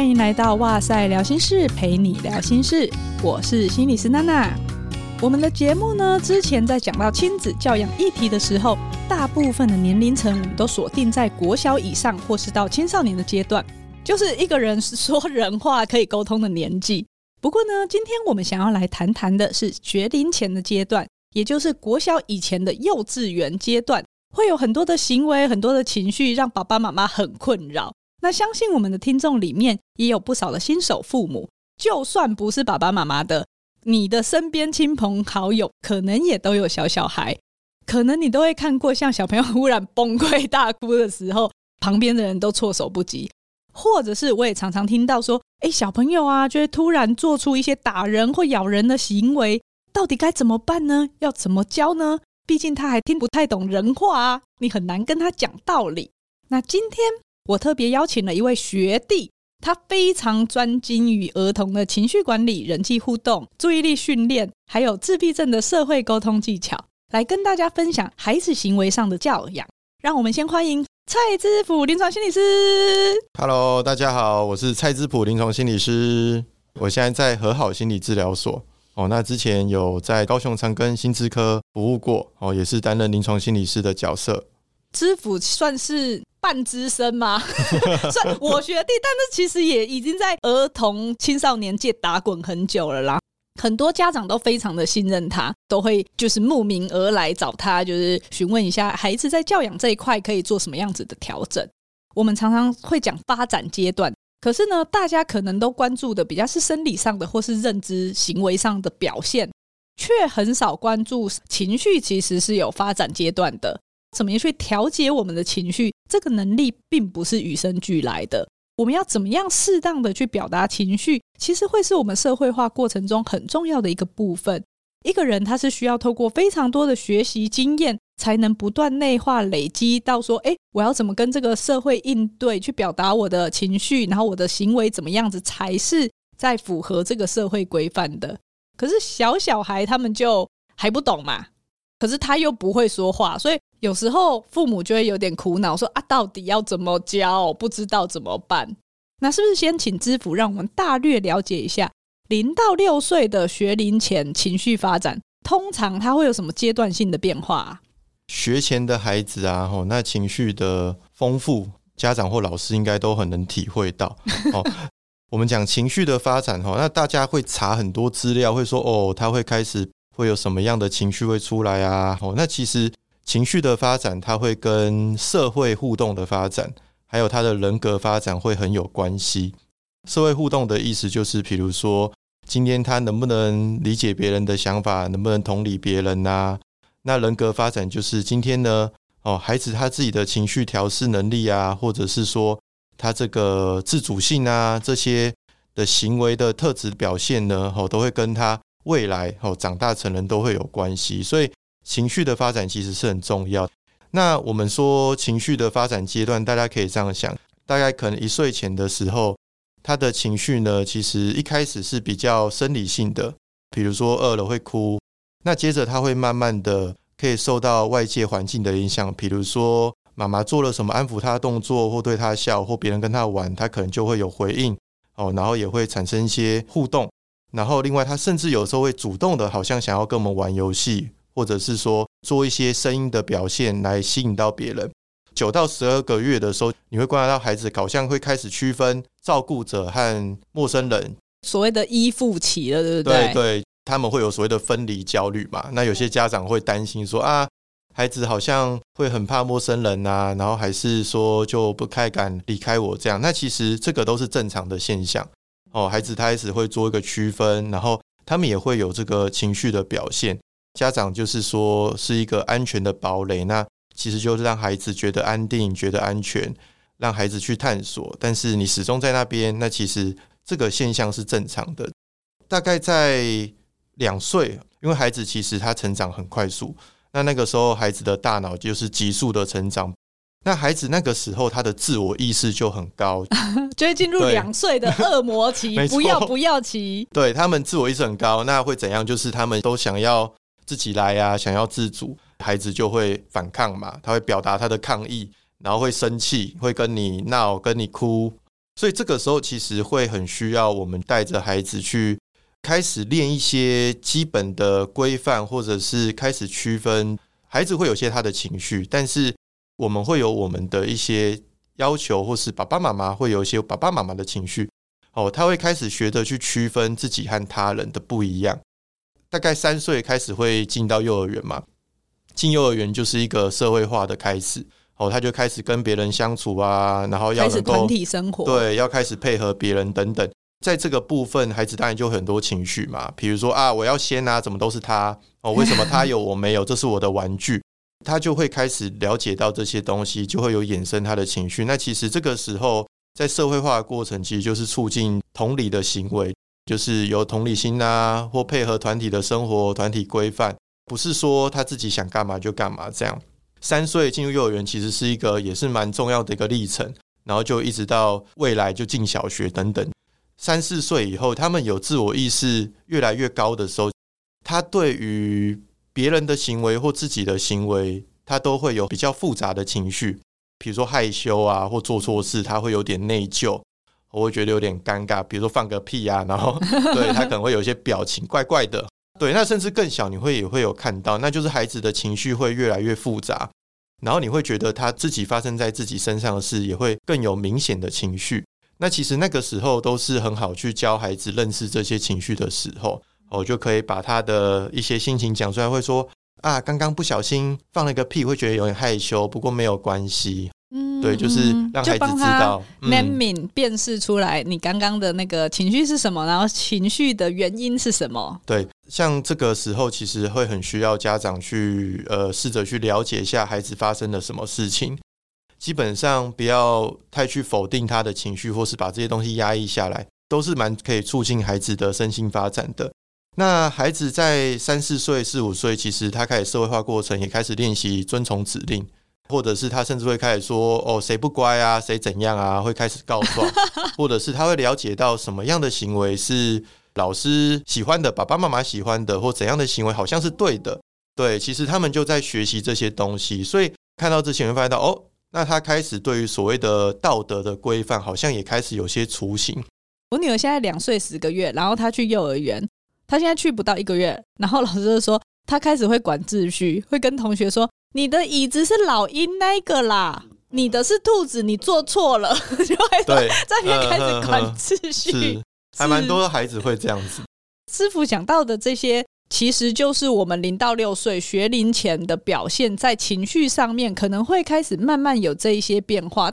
歡迎來到哇賽療心室，陪你聊心事。我是心理師娜娜。我們的節目呢，之前在講到親子教養議題的時候，大部分的年齡層我們都鎖定在國小以上，或是到青少年的階段，就是一個人說人話可以溝通的年紀。不過呢，今天我們想要來談談的是學齡前的階段，也就是國小以前的幼稚園階段，會有很多的行為、很多的情緒，讓爸爸媽媽很困擾。那相信我們的聽眾裡面也有不少的新手父母，就算不是爸爸媽媽的，你的身邊親朋好友可能也都有小小孩，可能你都會看過像小朋友忽然崩潰大哭的時候，旁邊的人都措手不及，或者是我也常常聽到說，誒、欸、小朋友啊，就會突然做出一些打人或咬人的行為，到底該怎麼辦呢？要怎麼教呢？畢竟他還聽不太懂人話啊，你很難跟他講道理。那今天。我特別邀請了一位學弟，他非常專精於兒童的情緒管理、人際互動、注意力訓練，還有自閉症的社會溝通技巧，來跟大家分享孩子行為上的教養。讓我們先歡迎蔡知圃臨床心理師。Hello，大家好，我是蔡知圃臨床心理師，我現在在和好心理治療所。哦，那之前有在高雄長庚心智科服務過，哦，也是擔任臨床心理師的角色。知圃算是。半資深嗎？ 算我學弟，但是其實也已經在兒童青少年界打滾很久了啦。很多家長都非常的信任他，都會就是慕名而來找他，就是詢問一下孩子在教養這一塊可以做什麼樣子的調整。我們常常會講發展階段，可是呢，大家可能都關注的比較是生理上的或是認知行為上的表現，卻很少關注情緒其實是有發展階段的。怎麼去調節我們的情緒？這個能力並不是與生俱來的。我們要怎麼樣適當的去表達情緒，其實會是我們社會化過程中很重要的一個部分。一個人他是需要透過非常多的學習經驗，才能不斷內化累積到說：誒，我要怎麼跟這個社會應對，去表達我的情緒，然後我的行為怎麼樣子，才是在符合這個社會規範的。可是小小孩他們就還不懂嘛，可是他又不會說話，所以……有時候父母就會有點苦惱說，說啊，到底要怎麼教，不知道怎麼辦。那是不是先請知圃，讓我們大略了解一下零到六歲的學齡前情緒發展，通常它會有什麼階段性的變化、啊？學前的孩子啊，吼、哦，那情緒的豐富，家長或老師應該都很能體會到。 哦、我們講情緒的發展、哦，那大家會查很多資料，會說哦，他會開始會有什麼樣的情緒會出來啊？哦，那其實。情緒的發展，它會跟社會互動的發展，還有他的人格發展會很有關係。社會互動的意思就是，比如說，今天他能不能理解別人的想法，能不能同理別人吶、啊？那人格發展就是今天呢，哦，孩子他自己的情緒調適能力啊，或者是說他這個自主性啊，這些的行為的特質表現呢，都會跟他未來哦長大成人都會有關係，所以情緒的發展其實是很重要。那我們說情緒的發展階段，大家可以這樣想：大概可能一歲前的時候，他的情緒呢，其實一開始是比較生理性的，比如說餓了會哭。那接着他會慢慢的可以受到外界環境的影響，比如說媽媽做了什麼安撫他的動作，或對他笑，或別人跟他玩，他可能就會有回應哦，然後也會產生一些互動。然後另外，他甚至有時候會主動的，好像想要跟我們玩遊戲。或者是說做一些聲音的表現來吸引到別人。九到十二個月的時候，你會觀察到孩子好像會開始區分照顧者和陌生人。所謂的依附期了，對不對？對對，他們會有所謂的分離焦慮嘛。那有些家長會擔心說、嗯、啊，孩子好像會很怕陌生人啊，然後還是說就不太敢離開我這樣。那其實這個都是正常的現象哦。孩子開始會做一個區分，然後他們也會有這個情緒的表現。家長就是說是一個安全的堡壘，那其實就是讓孩子覺得安定、覺得安全，讓孩子去探索，但是你始終在那邊，那其實這個現象是正常的。大概在兩歲，因為孩子其實他成長很快速，那那個時候孩子的大腦就是急速的成長，那孩子那個時候他的自我意識就很高， 就會進入兩歲的惡魔期，對 錯不要不要期。對，他們自我意識很高，那會怎樣？就是他們都想要。自己來呀、啊，想要自主，孩子就會反抗嘛，他會表達他的抗議，然後會生氣，會跟你鬧，跟你哭，所以這個時候其實會很需要我們帶着孩子去開始練一些基本的規範，或者是開始區分孩子會有些他的情緒，但是我們會有我們的一些要求，或是爸爸媽媽會有一些爸爸媽媽的情緒，哦，他會開始學着去區分自己和他人的不一樣。大概三歲開始會進到幼兒園嘛，進幼兒園就是一個社會化的開始。哦，他就開始跟別人相處啊，然後要開始團體生活，對，要開始配合別人等等。在這個部分，孩子當然就很多情緒嘛，比如說啊，我要先啊，怎麼都是他哦，為什麼他有我沒有？這是我的玩具，他就會開始了解到這些東西，就會有衍生他的情緒。那其實這個時候，在社會化的過程，其實就是促進同理的行為。就是有同理心啊，或配合團體的生活、團體規範，不是說他自己想幹嘛就幹嘛這樣。三歲進入幼兒園，其實是一個也是蠻重要的一個歷程，然後就一直到未來就進小學等等。三四歲以後，他們有自我意識越來越高的時候，他對於別人的行為或自己的行為，他都會有比較複雜的情緒，比如說害羞啊，或做錯事，他會有點內疚。我會覺得有點尷尬，比如說放個屁啊，然後對他可能會有一些表情怪怪的。對，那甚至更小，你會也會有看到，那就是孩子的情緒會越來越複雜，然後你會覺得他自己發生在自己身上的事也會更有明顯的情緒。那其實那個時候都是很好去教孩子認識這些情緒的時候，我就可以把他的一些心情講出來，會說啊，剛剛不小心放了個屁，會覺得有點害羞，不過沒有關係。嗯，對，就是讓孩子知道 naming 辨識出來，你剛剛的那個情緒是什麼，然後情緒的原因是什麼。對，像這個時候其實會很需要家長去呃試着去了解一下孩子發生了什麼事情，基本上不要太去否定他的情緒，或是把這些東西壓抑下來，都是蠻可以促進孩子的身心發展的。那孩子在三四歲、四五歲，其實他開始社會化過程，也開始練習遵從指令。或者是他甚至會開始說，哦，誰不乖啊，誰怎樣啊，會開始告狀， 或者是他會了解到什麼樣的行為是老師喜歡的、爸爸媽媽喜歡的，或怎樣的行為好像是對的，對，其實他們就在學習這些東西，所以看到這些人會發現到哦，那他開始對於所謂的道德的規範好像也開始有些雛形。我女兒現在兩歲十個月，然後她去幼兒園，她現在去不到一個月，然後老師就說她開始會管秩序，會跟同學說。你的椅子是老鷹那個啦，你的是兔子，你坐錯了，就開始在那邊開始管秩序呵呵，還蠻多的孩子會這樣子。師傅講到的這些，其實就是我們零到六歲學齡前的表現，在情緒上面可能會開始慢慢有這一些變化。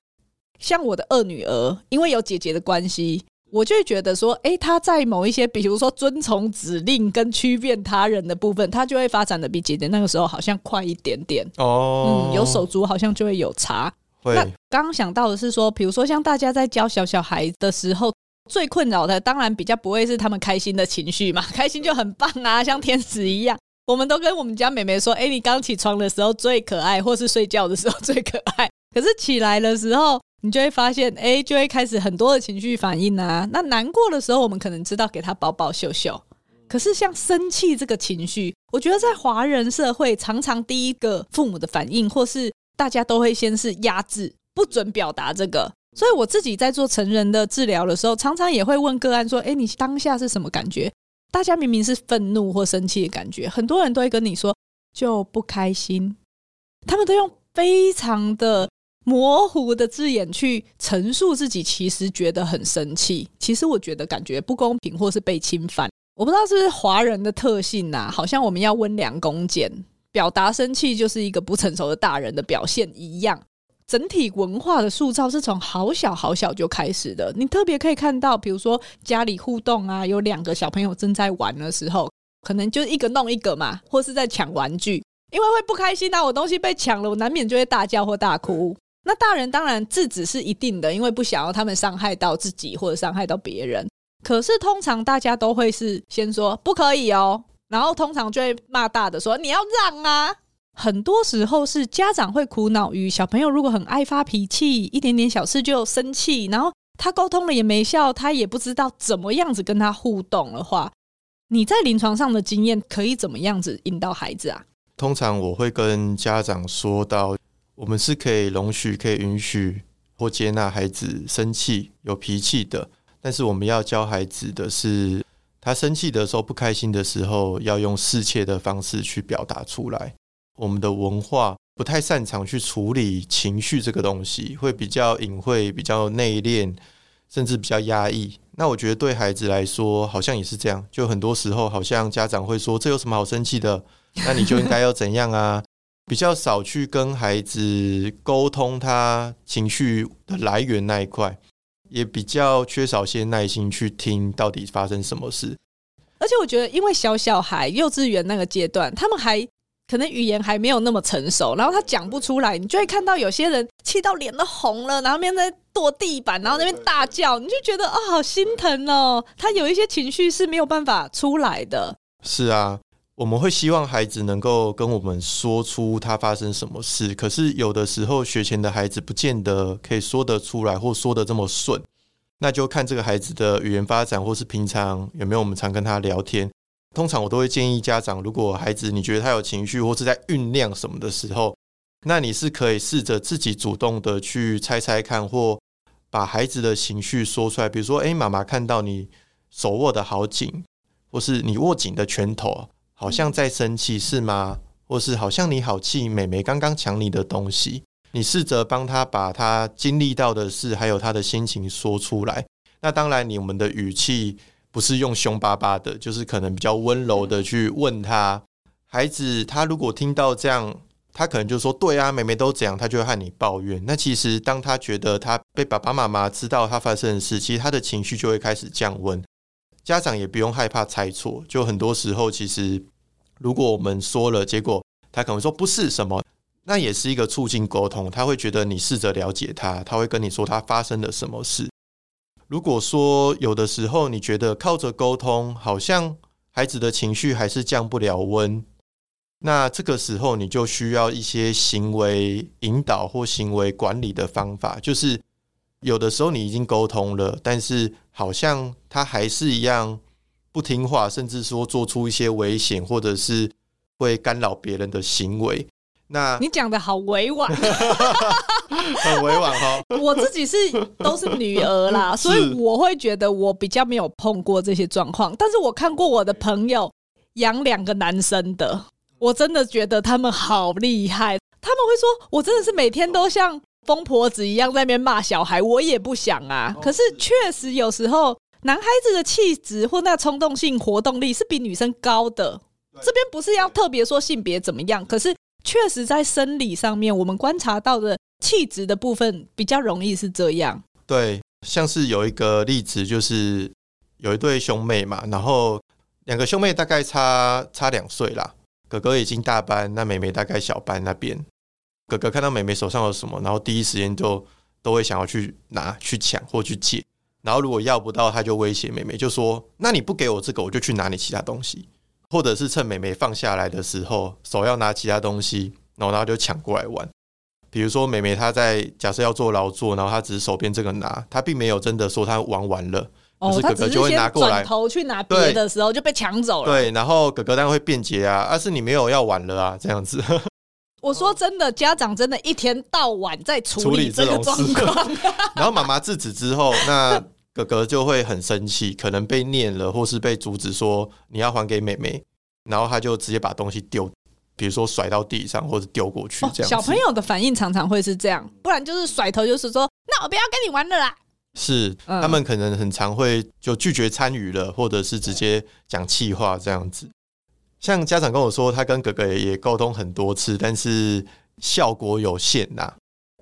像我的二女兒，因為有姐姐的關係。我就會覺得說，哎、欸，他在某一些，比如說遵從指令跟區辨他人的部分，他就會發展得比姐姐那個時候好像快一點點哦。Oh. 嗯，有手足好像就會有差。對那剛想到的是說，比如說像大家在教小小孩的時候，最困擾的當然比較不會是他們開心的情緒嘛，開心就很棒啊，像天使一樣。我們都跟我們家妹妹說，哎、欸，你剛起床的時候最可愛，或是睡覺的時候最可愛。可是起來的時候。你就會發現，哎、欸，就會開始很多的情緒反應啊。那難過的時候，我們可能知道給他抱抱、秀秀。可是像生氣這個情緒，我覺得在華人社會常常第一個父母的反應，或是大家都會先是壓制，不准表達這個。所以我自己在做成人的治療的時候，常常也會問個案說：“哎、欸，你當下是什麼感覺？”大家明明是憤怒或生氣的感覺，很多人都會跟你說就不開心。他們都用非常的。模糊的字眼去陳述自己，其實覺得很生氣。其實我覺得感覺不公平，或是被侵犯。我不知道是不是華人的特性吶、啊，好像我們要溫良恭儉，表達生氣就是一個不成熟的大人的表現一樣。整體文化的塑造是從好小好小就開始的。你特別可以看到，比如說家裡互動啊，有兩個小朋友正在玩的時候，可能就一個弄一個嘛，或是在搶玩具，因為會不開心啊，我東西被搶了，我難免就會大叫或大哭。那大人當然制止是一定的，因為不想要他們傷害到自己或者傷害到別人。可是通常大家都會是先說不可以哦，然後通常就會罵大的說，你要讓啊。很多時候是家長會苦惱於小朋友如果很愛發脾氣，一點點小事就生氣，然後他溝通了也沒效，他也不知道怎麼樣子跟他互動的話，你在臨床上的經驗可以怎麼樣子引導孩子啊？通常我會跟家長說到。我們是可以容許、可以允許或接納孩子生氣、有脾氣的，但是我們要教孩子的是，他生氣的時候、不開心的時候，要用適切的方式去表達出來。我們的文化不太擅長去處理情緒這個東西，會比較隱晦、比較內斂，甚至比較壓抑。那我覺得對孩子來說，好像也是這樣。就很多時候，好像家長會說：“這有什麼好生氣的？”那你就應該要怎樣啊？ 比較少去跟孩子溝通他情緒的來源那一塊，也比較缺少些耐心去聽到底發生什麼事。而且我覺得，因為小小孩幼稚園那個階段，他們還可能語言還沒有那麼成熟，然後他講不出來，你就會看到有些人氣到臉都紅了，然後面，在跺地板，然後那邊大叫，對對對，你就覺得啊、哦，好心疼哦。他有一些情緒是沒有辦法出來的。是啊。我們會希望孩子能夠跟我們說出他發生什麼事，可是有的時候學前的孩子不見得可以說得出來，或說得這麼順，那就看這個孩子的語言發展，或是平常有沒有我們常跟他聊天。通常我都會建議家長，如果孩子你覺得他有情緒或是在醞釀什麼的時候，那你是可以試着自己主動的去猜猜看，或把孩子的情緒說出來。比如說，誒，媽媽看到你手握得好緊，或是你握緊的拳頭。好像在生氣是嗎？或是好像你好氣，妹妹剛剛搶你的東西。你試着幫她，把她經歷到的事，還有她的心情說出來。那當然，你我們的語氣不是用凶巴巴的，就是可能比較溫柔的去問他。孩子，他如果聽到這樣，他可能就說：“對啊，妹妹都這樣。”他就會和你抱怨。那其實，當他覺得他被爸爸媽媽知道他發生的事，其實他的情緒就會開始降溫。家長也不用害怕猜錯，就很多時候其實，如果我們說了，結果他可能說不是什麼，那也是一個促進溝通。他會覺得你試着了解他，他會跟你說他發生了什麼事。如果說有的時候你覺得靠着溝通，好像孩子的情緒還是降不了溫，那這個時候你就需要一些行為引導或行為管理的方法，就是。有的時候你已經溝通了，但是好像他還是一樣不聽話，甚至說做出一些危險，或者是會干擾別人的行為。那你講得好委婉， 很委婉哈。我自己是 都是女兒啦，所以我會覺得我比較沒有碰過這些狀況。但是我看過我的朋友養兩個男生的，我真的覺得他們好厲害。他們會說，我真的是每天都像瘋婆子一樣在那邊罵小孩，我也不想啊。哦、是。可是確實有時候男孩子的氣質或那衝動性、活動力是比女生高的。對這邊不是要特別說性別怎麼樣，對可是確實在生理上面，我們觀察到的氣質的部分比較容易是這樣。對，像是有一個例子，就是有一對兄妹嘛，然後兩個兄妹大概差差兩歲啦。哥哥已經大班，那妹妹大概小班那邊。哥哥看到妹妹手上有什麼，然後第一時間就都會想要去拿、去搶或去借。然後如果要不到，他就威脅妹妹，就說：“那你不給我這個，我就去拿你其他東西。”或者是趁妹妹放下來的時候，手要拿其他東西，然後他就搶過來玩。比如說妹妹她在假設要做勞作，然後她只是手邊這個拿，她並沒有真的說她玩完了。哦，可是哥，哥哥就會拿過來，轉頭去拿別的時候就被搶走了。對，對，然後哥哥當然會辯解啊，而、啊、是你沒有要玩了啊，這樣子。我說真的，嗯、家長真的一天到晚在處理這個狀況。 然後媽媽制止之後， 那哥哥就會很生氣，可能被念了，或是被阻止說你要還給妹妹。然後他就直接把東西丟，比如說甩到地上，或者丟過去這樣、哦。小朋友的反應常常會是這樣，不然就是甩頭，就是說那我不要跟你玩了啦。是，嗯、他們可能很常會就拒絕參與了，或者是直接講氣話這樣子。像家長跟我說，他跟哥哥也溝通很多次，但是效果有限吶、啊。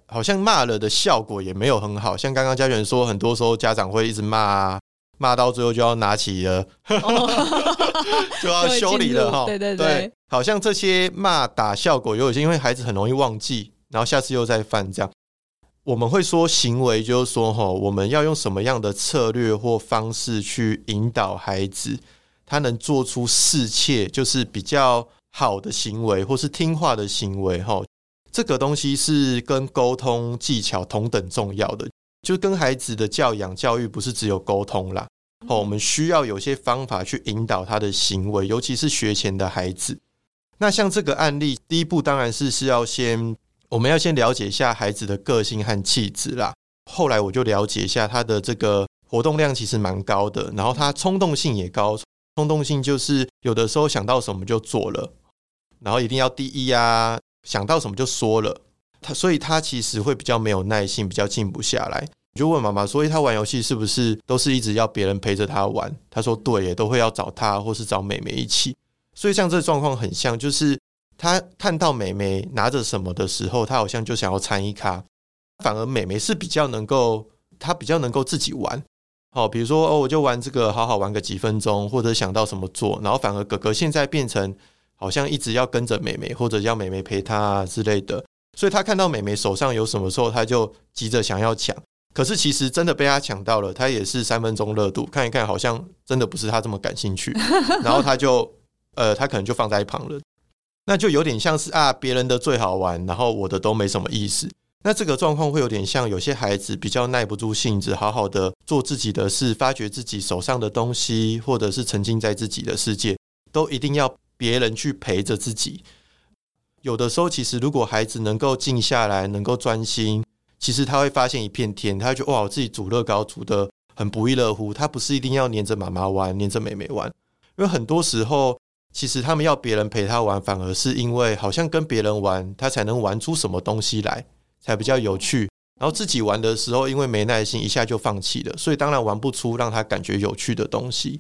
好像罵了的效果也沒有很好。像剛剛家璇說，很多時候家長會一直罵，罵到最後就要拿起了，哦、 就要修理了。哈，對對對，對，好像這些罵打效果有些，因為孩子很容易忘記，然後下次又再犯。這樣我們會說行為，就是說我們要用什麼樣的策略或方式去引導孩子。他能做出適切，就是比較好的行為，或是聽話的行為。吼，這個東西是跟溝通技巧同等重要的，就跟孩子的教養教育不是只有溝通啦。吼，我們需要有些方法去引導他的行為，尤其是學前的孩子。那像這個案例，第一步當然是是要先，我們要先了解一下孩子的個性和氣質啦。後來我就了解一下他的這個活動量其實蠻高的，然後他衝動性也高。衝動性就是有的時候想到什麼就做了，然後一定要第一啊，想到什麼就說了。他所以他其實會比較沒有耐心，比較靜不下來。就問媽媽，所以他玩遊戲是不是都是一直要別人陪着他玩？他說對耶，都會要找他或是找妹妹一起。所以像這狀況很像，就是他看到妹妹拿着什麼的時候，他好像就想要參一咖。反而妹妹是比較能夠，她比較能夠自己玩。哦，比如說哦，我就玩這個，好好玩個幾分鐘，或者想到什麼做，然後反而哥哥現在變成好像一直要跟着妹妹，或者要妹妹陪他之類的，所以他看到妹妹手上有什麼時候，他就急着想要搶，可是其實真的被他搶到了，他也是三分鐘熱度，看一看好像真的不是他這麼感興趣，然後他就呃，他可能就放在一旁了，那就有點像是啊別人的最好玩，然後我的都沒什麼意思。那這個狀況會有點像有些孩子比較耐不住性子，好好的做自己的事，發掘自己手上的東西，或者是沉浸在自己的世界，都一定要別人去陪着自己。有的時候，其實如果孩子能夠靜下來，能夠專心，其實他會發現一片天。他就哇，自己組樂高組的很不亦樂乎。他不是一定要黏着媽媽玩，黏着妹妹玩，因為很多時候，其實他們要別人陪他玩，反而是因為好像跟別人玩，他才能玩出什麼東西來。才比較有趣。然後自己玩的時候，因為沒耐心，一下就放棄了，所以當然玩不出讓他感覺有趣的東西。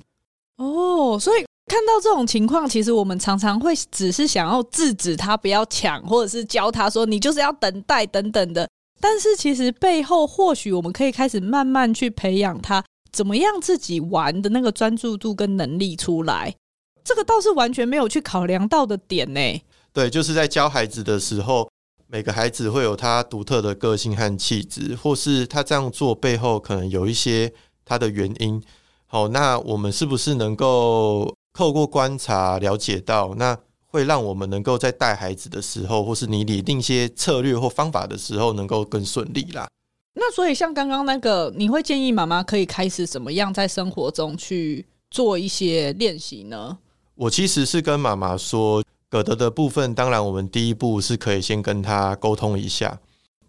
哦，所以看到這種情況，其實我們常常會只是想要制止他不要搶，或者是教他說你就是要等待等等的。但是其實背後或許我們可以開始慢慢去培養他怎麼樣自己玩的那個專注度跟能力出來。這個倒是完全沒有去考量到的點呢。對，就是在教孩子的時候。每個孩子會有他獨特的個性和氣質，或是他這樣做背後可能有一些他的原因。好，那我們是不是能夠透過觀察了解到，那會讓我們能夠在帶孩子的時候，或是你擬定一些策略或方法的時候，能夠更順利啦？那所以像剛剛那個，你會建議媽媽可以開始怎麼樣在生活中去做一些練習呢？我其實是跟媽媽說。捨得的部分，當然我們第一步是可以先跟他溝通一下。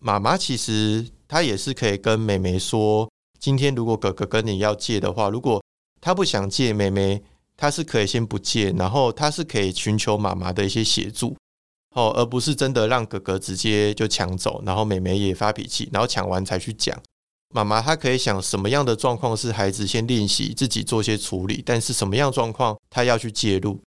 媽媽其實她也是可以跟妹妹說，今天如果哥哥跟你要借的話，如果他不想借，妹妹她是可以先不借，然後她是可以尋求媽媽的一些協助，哦，而不是真的讓哥哥直接就搶走，然後妹妹也發脾氣，然後搶完才去講。媽媽她可以想什麼樣的狀況是孩子先練習自己做些處理，但是什麼樣狀況她要去介入。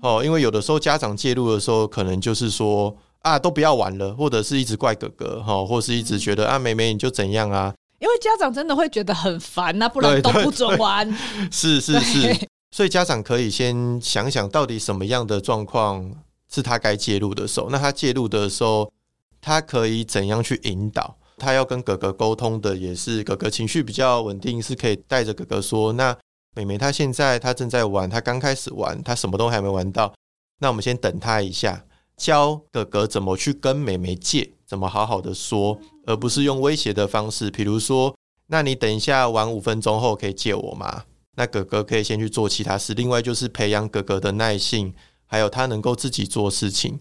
哦，因為有的時候家長介入的時候，可能就是說啊，都不要玩了，或者是一直怪哥哥哈，或者是一直覺得、嗯、啊，妹妹你就怎樣啊？因為家長真的會覺得很煩啊，不然都不准玩。對對對，是是是，對所以家長可以先想想到底什麼樣的狀況是他該介入的時候，那他介入的時候，他可以怎樣去引導？他要跟哥哥溝通的也是哥哥情緒比較穩定，是可以帶着哥哥說那。妹妹她現在她正在玩，她剛開始玩，她什麼都還沒玩到。那我們先等她一下，教哥哥怎麼去跟妹妹借，怎麼好好的說，而不是用威脅的方式。比如說，那你等一下玩五分鐘後可以借我嗎？那哥哥可以先去做其他事。另外就是培養哥哥的耐性，還有他能夠自己做事情，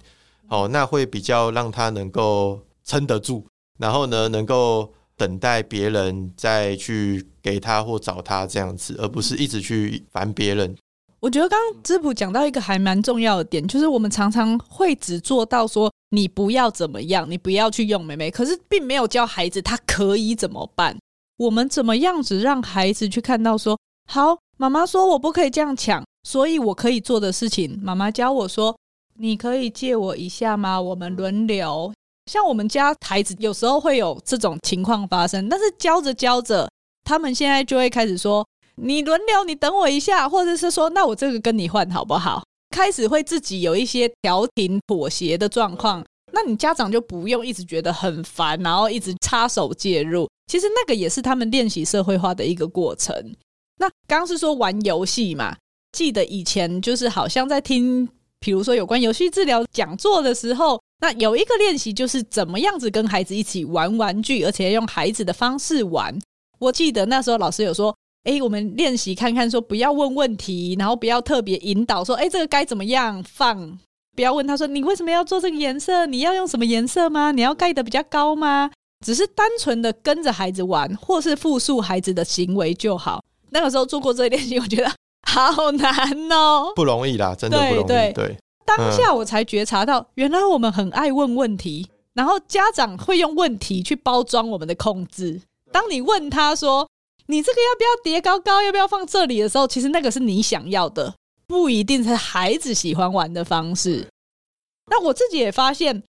好、哦，那會比較讓他能夠撐得住。然後呢，能夠，等待別人再去給他或找他這樣子，而不是一直去煩別人。我覺得剛剛知圃講到一個還蠻重要的點，就是我們常常會只做到說你不要怎麼樣，你不要去用妹妹，可是並沒有教孩子他可以怎麼辦。我們怎麼樣子讓孩子去看到說，好，媽媽說我不可以這樣搶，所以我可以做的事情，媽媽教我說，你可以借我一下嗎？我們輪流。像我們家孩子有時候會有這種情況發生，但是教着教着，他們現在就會開始說：“你輪流，你等我一下。”或者是說：“那我這個跟你換好不好？”開始會自己有一些調停、妥協的狀況。那你家長就不用一直覺得很煩，然後一直插手介入。其實那個也是他們練習社會化的一個過程。那剛剛是說玩遊戲嘛？記得以前就是好像在聽，比如說有關遊戲治療講座的時候。那有一個練習，就是怎麼樣子跟孩子一起玩玩具，而且用孩子的方式玩。我記得那時候老師有說：“哎，我們練習看看，說不要問問題，然後不要特別引導說，說哎，這個該怎麼樣放？不要問他說你為什麼要做這個顏色？你要用什麼顏色嗎？你要蓋得比較高嗎？只是單純的跟着孩子玩，或是複述孩子的行為就好。”那個時候做過這練習，我覺得好難哦，不容易啦，真的不容易。對。對。當下我才覺察到，原來我們很愛問問題，然後家長會用問題去包裝我們的控制。當你問他說：“你這個要不要疊高高？要不要放這裡？”的時候，其實那個是你想要的，不一定是孩子喜歡玩的方式。那我自己也發現，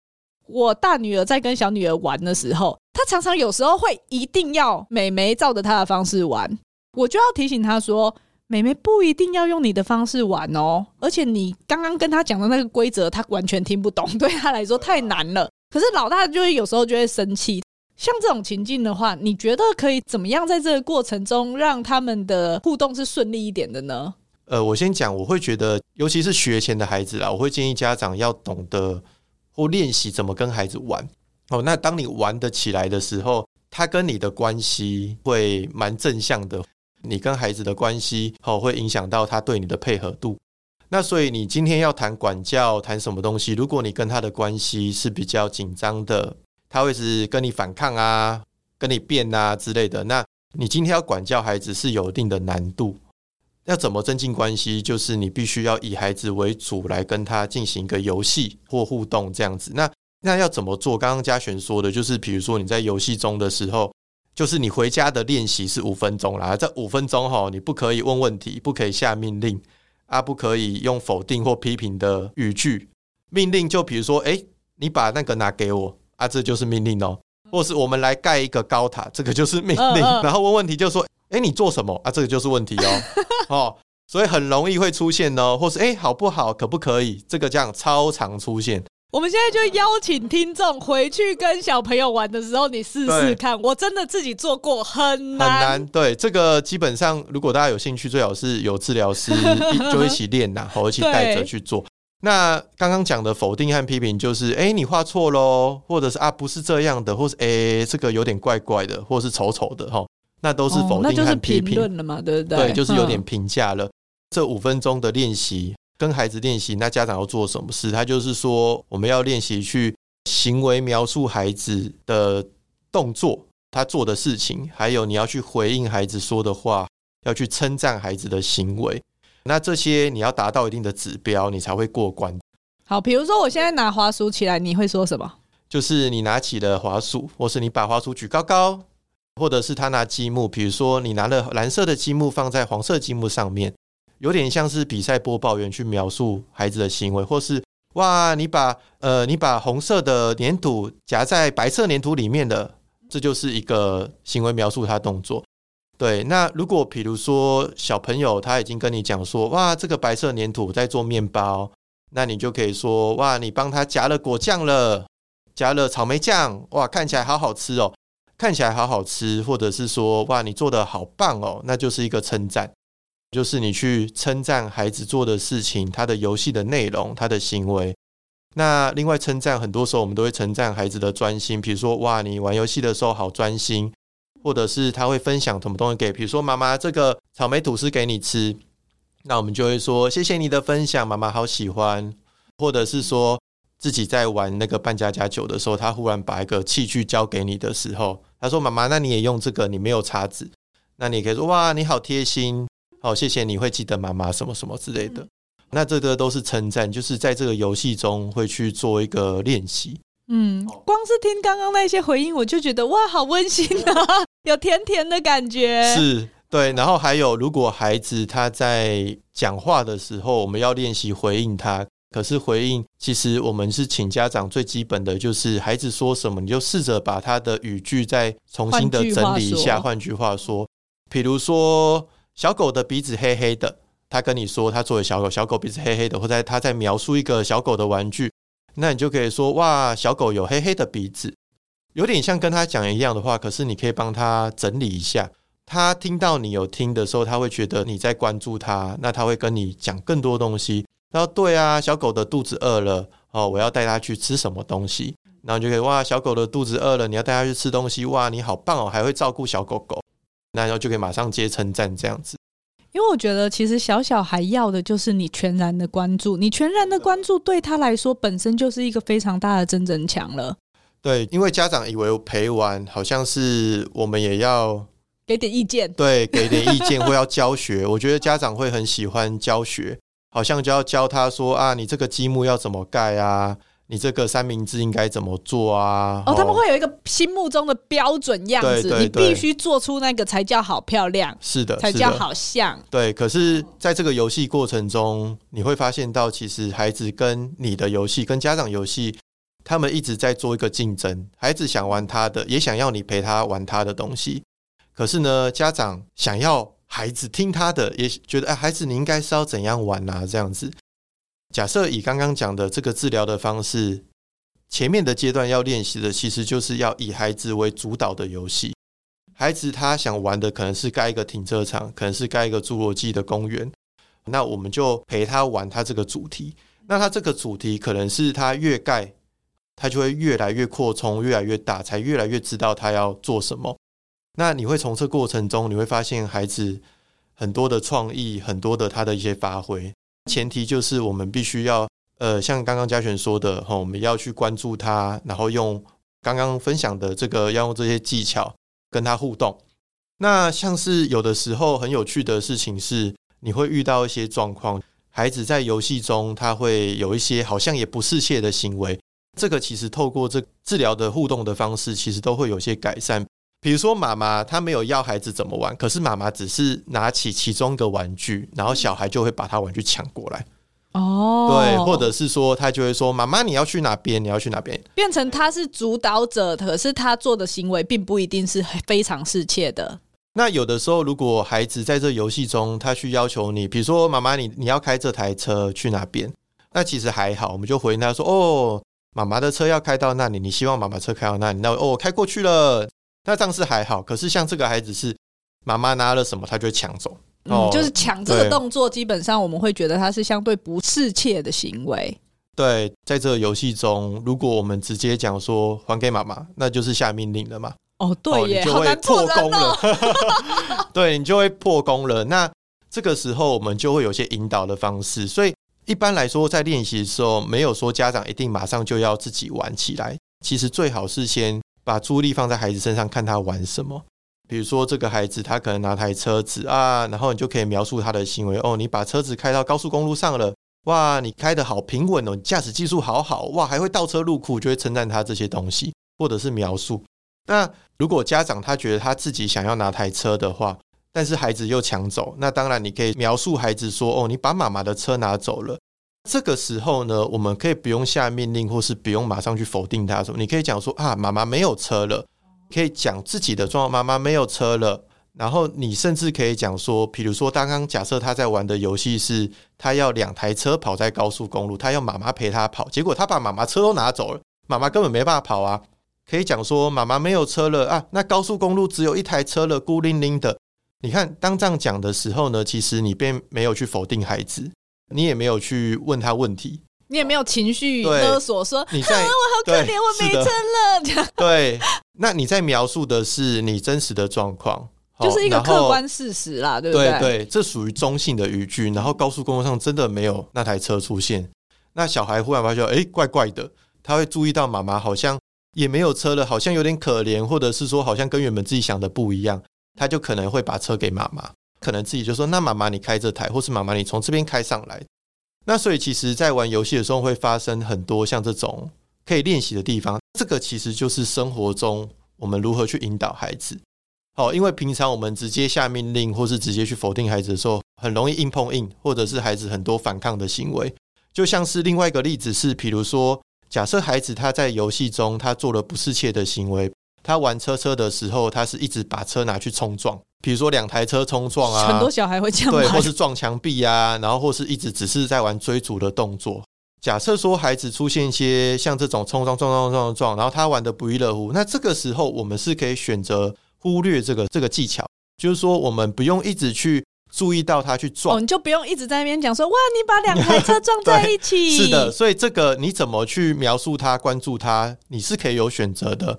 我大女兒在跟小女兒玩的時候，她常常有時候會一定要妹妹照着她的方式玩，我就要提醒她說，妹妹不一定要用你的方式玩哦，而且你剛剛跟他講的那個規則，他完全聽不懂，對他來說太難了。可是老大就會有時候就會生氣，像這種情境的話，你覺得可以怎麼樣在這個過程中讓他們的互動是順利一點的呢？呃，我先講，我會覺得，尤其是學前的孩子啦，我會建議家長要懂得或練習怎麼跟孩子玩。哦，那當你玩得起來的時候，他跟你的關係會蠻正向的。你跟孩子的關係，吼，會影響到他對你的配合度。那所以你今天要談管教，談什麼東西？如果你跟他的關係是比較緊張的，他會是跟你反抗啊，跟你辯啊之類的。那你今天要管教孩子是有一定的難度。要怎麼增進關係？就是你必須要以孩子為主來跟他進行一個遊戲或互動這樣子。那那要怎麼做？剛剛嘉璇說的，就是比如說你在遊戲中的時候。就是你回家的練習是五分鐘啦，這五分鐘吼、喔、你不可以問問題，不可以下命令啊，不可以用否定或批評的語句命令，就比如說誒、欸、你把那個拿給我啊，這就是命令哦、喔，或是我們來蓋一個高塔，這個就是命令，然後問問題就說誒、欸、你做什麼啊，這個就是問題哦，哦，所以很容易會出現呢，或是誒、欸、好不好，可不可以，這個這樣超常出現。我們現在就邀請聽眾回去跟小朋友玩的時候，你試試看。對我真的自己做過，很難。很難。對，這個基本上，如果大家有興趣，最好是有治療師 一就一起練，然後一起帶着對去做。那剛剛講的否定和批評，就是哎、欸，你畫錯嘍，或者是啊，不是這樣的，或是哎、欸，這個有點怪怪的，或者是醜醜的哈，那都是否定和批評、哦、對，對，對，就是有點評價了。呵這五分鐘的練習，跟孩子練習，那家長要做什麼事？他就是說，我們要練習去行為描述孩子的動作、他做的事情，還有你要去回應孩子說的話，要去稱讚孩子的行為。那這些你要達到一定的指標，你才會過關。好，比如說我現在拿滑鼠起來，你會說什麼？就是你拿起了滑鼠，或是你把滑鼠舉高高，或者是他拿積木，比如說你拿了藍色的積木放在黃色積木上面。有點像是比賽播報員去描述孩子的行為，或是哇，你把呃，你把紅色的粘土夾在白色粘土裡面的，這就是一個行為描述他的動作。對，那如果比如說小朋友他已經跟你講說，哇，這個白色粘土在做麵包，那你就可以說，哇，你幫他夾了果醬了，夾了草莓醬，哇，看起來好好吃哦，看起來好好吃，或者是說，哇，你做得好棒哦，那就是一個稱讚。就是你去稱讚孩子做的事情，他的遊戲的內容，他的行為。那另外稱讚，很多時候我們都會稱讚孩子的專心，比如說哇，你玩遊戲的時候好專心，或者是他會分享什麼東西給，比如說媽媽這個草莓吐司給你吃，那我們就會說謝謝你的分享，媽媽好喜歡。或者是說自己在玩那個扮家家酒的時候，他忽然把一個器具交給你的時候，他說媽媽，那你也用這個，你沒有叉子，那你可以說哇，你好貼心。好，謝謝你會記得媽媽什麼什麼之類的，嗯、那這個都是稱讚，就是在這個遊戲中會去做一個練習。嗯，光是聽剛剛那些回應，我就覺得哇，好溫馨啊， 有甜甜的感覺。是對，然後還有，如果孩子他在講話的時候，我們要練習回應他。可是回應其實我們是請家長最基本的就是孩子說什麼，你就試着把他的語句再重新的整理一下。換句，換句話說，比如說。小狗的鼻子黑黑的，他跟你說他作為小狗，小狗鼻子黑黑的，或者他在描述一個小狗的玩具，那你就可以說哇，小狗有黑黑的鼻子，有點像跟他講一樣的話，可是你可以幫他整理一下，他聽到你有聽的時候，他會覺得你在關注他，那他會跟你講更多東西。他說對啊，小狗的肚子餓了哦，我要帶它去吃什麼東西，然後你就可以哇，小狗的肚子餓了，你要帶它去吃東西哇，你好棒哦，還會照顧小狗狗。那然後就可以馬上接稱讚這樣子，因為我覺得其實小小孩要的就是你全然的關注，你全然的關注對他來說本身就是一個非常大的增增強了。對，因為家長以為陪玩好像是我們也要給點意見。對，給點意見或要教學， 我覺得家長會很喜歡教學，好像就要教他說啊，你這個積木要怎麼蓋啊？你這個三明治應該怎麼做啊？哦，他們會有一個心目中的標準樣子，對對對，你必須做出那個才叫好漂亮。是的，才叫好像。對，可是在這個遊戲過程中，你會發現到其實孩子跟你的遊戲跟家長遊戲，他們一直在做一個競爭。孩子想玩他的，也想要你陪他玩他的東西。可是呢，家長想要孩子聽他的，也覺得哎，孩子你應該是要怎樣玩啊？這樣子。假設以剛剛講的這個治療的方式，前面的階段要練習的，其實就是要以孩子為主導的遊戲。孩子他想玩的可能是蓋一個停車場，可能是蓋一個侏羅紀的公園。那我們就陪他玩他這個主題。那他這個主題可能是他越蓋，他就會越來越擴充，越來越大，才越來越知道他要做什麼。那你會從這過程中，你會發現孩子很多的創意，很多的他的一些發揮。前提就是我們必須要，呃，像剛剛嘉軒說的吼、哦，我們要去關注他，然後用剛剛分享的這個，要用這些技巧跟他互動。那像是有的時候很有趣的事情是，你會遇到一些狀況，孩子在遊戲中他會有一些好像也不適切的行為，這個其實透過這治療的互動的方式，其實都會有些改善。比如說媽媽，媽媽她沒有要孩子怎麼玩，可是媽媽只是拿起其中一個玩具，然後小孩就會把他玩具搶過來。哦，oh. 對，或者是說，他就會說：“媽媽，你要去哪邊？你要去哪邊？”變成他是主導者，可是他做的行為並不一定是非常適切的。那有的時候，如果孩子在這遊戲中，他去要求你，比如說，媽媽，你你要開這台車去哪邊？那其實還好，我們就回應他說：“哦，媽媽的車要開到那裡，你希望媽媽車開到那裡？”那哦，我開過去了。那當時還好，可是像這個孩子是媽媽拿了什麼，他就搶走。哦、嗯，就是搶這個動作，對基本上我們會覺得他是相對不適切的行為。對，在這個遊戲中，如果我們直接講說還給媽媽，那就是下命令了嘛。哦，對，耶，好難、哦、破功了。對，你就會破功了。那這個時候我們就會有些引導的方式。所以一般來說，在練習的時候，沒有說家長一定馬上就要自己玩起來。其實最好是先。把注意力放在孩子身上，看他玩什麼。比如說，這個孩子他可能拿台車子啊，然後你就可以描述他的行為哦。你把車子開到高速公路上了，哇，你開得好平穩哦，你駕駛技術好好，哇，還會倒車入庫，就會稱讚他這些東西，或者是描述。那如果家長他覺得他自己想要拿台車的話，但是孩子又搶走，那當然你可以描述孩子說哦，你把媽媽的車拿走了。這個時候呢，我們可以不用下命令，或是不用馬上去否定他說，你可以講說啊，媽媽沒有車了，可以講自己的狀況。媽媽沒有車了，然後你甚至可以講說，譬如說剛剛假設他在玩的遊戲是，他要兩台車跑在高速公路，他要媽媽陪他跑，結果他把媽媽車都拿走了，媽媽根本沒辦法跑啊。可以講說媽媽沒有車了啊，那高速公路只有一台車了，孤零零的。你看當這樣講的時候呢，其實你並沒有去否定孩子。你也沒有去問他問題，你也沒有情緒勒索，說你在、啊、我好可憐，對我沒車了。的這樣對，那你在描述的是你真實的狀況，就是一個客觀事實啦，後對不對？對，這屬於中性的語句。然後，高速公路上真的沒有那台車出現。那，出現那小孩忽然發覺，哎、欸，怪怪的，他會注意到媽媽好像也沒有車了，好像有點可憐，或者是說，好像跟原本自己想的不一樣，他就可能會把車給媽媽。可能自己就說：“那媽媽，你開這台，或是媽媽，你從這邊開上來。”那所以，其實，在玩遊戲的時候，會發生很多像這種可以練習的地方。這個其實就是生活中我們如何去引導孩子。好、哦，因為平常我們直接下命令，或是直接去否定孩子的時候，很容易硬碰硬，或者是孩子很多反抗的行為。就像是另外一個例子是，比如說，假設孩子他在遊戲中他做了不適切的行為，他玩車車的時候，他是一直把車拿去衝撞。比如說兩台車衝撞啊，很多小孩會這樣，對，或是撞牆壁啊，然後或是一直只是在玩追逐的動作。假設說孩子出現一些像這種衝撞、撞撞撞撞撞，然後他玩得不亦樂乎，那這個時候我們是可以選擇忽略這個這個技巧，就是說我們不用一直去注意到他去撞，我、哦、你就不用一直在那邊講說哇，你把兩台車撞在一起。 是的，所以這個你怎麼去描述他、關注他，你是可以有選擇的。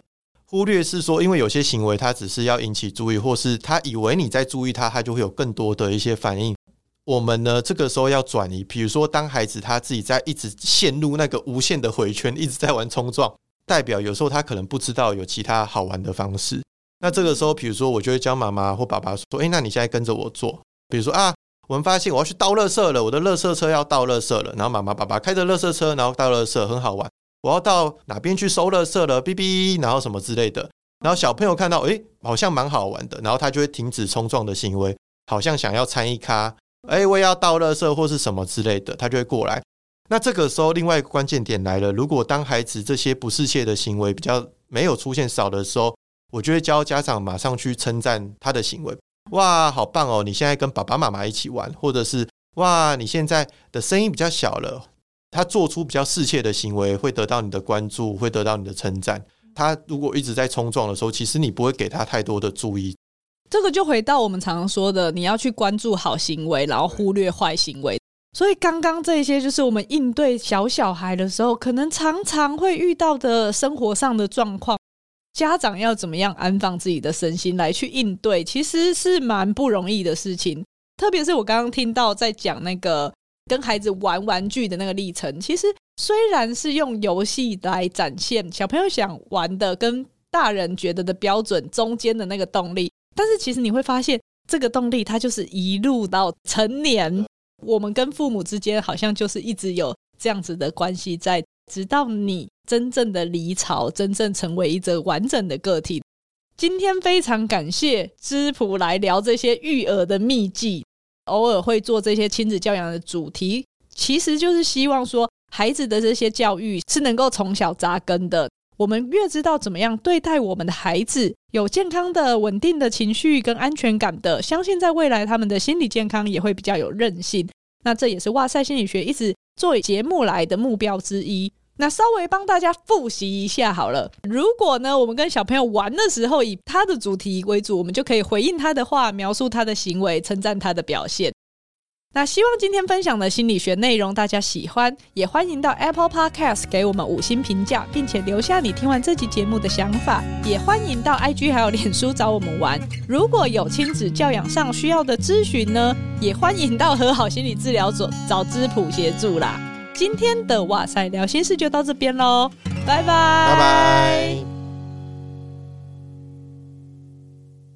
忽略是說，因為有些行為他只是要引起注意，或是他以為你在注意他，他就會有更多的一些反應。我們呢，這個時候要轉移，比如說，當孩子他自己在一直陷入那個無限的回圈，一直在玩衝撞，代表有時候他可能不知道有其他好玩的方式。那這個時候，比如說，我就會教媽媽或爸爸說：“誒，那你現在跟着我做，比如說啊，我們發現我要去倒垃圾了，我的垃圾車要倒垃圾了，然後媽媽爸爸開着垃圾車，然後倒垃圾，很好玩。”我要到哪邊去收垃圾了？嗶嗶，然後什麼之類的。然後小朋友看到，哎，好像蠻好玩的，然後他就會停止衝撞的行為，好像想要參一咖。哎，我也要倒垃圾或是什麼之類的，他就會過來。那這個時候，另外一個關鍵點來了。如果當孩子這些不適切的行為比較沒有出現少的時候，我就會教家長馬上去稱讚他的行為。哇，好棒哦！你現在跟爸爸媽媽一起玩，或者是哇，你現在的聲音比較小了。他做出比較適切的行為，會得到你的關注，會得到你的稱讚。他如果一直在衝撞的時候，其實你不會給他太多的注意。這個就回到我們常常說的，你要去關注好行為，然後忽略壞行為。對所以剛剛這些就是我們應對小小孩的時候，可能常常會遇到的生活上的狀況，家長要怎麼樣安放自己的身心來去應對，其實是蠻不容易的事情。特別是我剛剛聽到在講那個。跟孩子玩玩具的那個歷程，其實雖然是用遊戲來展現小朋友想玩的，跟大人覺得的標準中間的那個動力，但是其實你會發現，這個動力它就是一路到成年，我們跟父母之間好像就是一直有這樣子的關係在，直到你真正的離巢，真正成為一個完整的個體。今天非常感謝知圃來聊這些育兒的秘籍。偶爾會做這些親子教養的主題，其實就是希望說孩子的這些教育是能夠從小紮根的。我們越知道怎麼樣對待我們的孩子，有健康的、穩定的情緒跟安全感的，相信在未來他們的心理健康也會比較有韌性。那這也是哇賽心理學一直做節目來的目標之一。那稍微幫大家複習一下好了。如果呢，我們跟小朋友玩的時候，以他的主題為主，我們就可以回應他的話，描述他的行為，稱讚他的表現。那希望今天分享的心理學內容大家喜歡，也歡迎到 Apple Podcast 給我們五星評價，並且留下你聽完這期節目的想法。也歡迎到 IG 還有臉書找我們玩。如果有親子教養上需要的諮詢呢，也歡迎到和好心理治療所找知圃協助啦。今天的哇賽療心室就到這邊嘍，拜拜拜拜。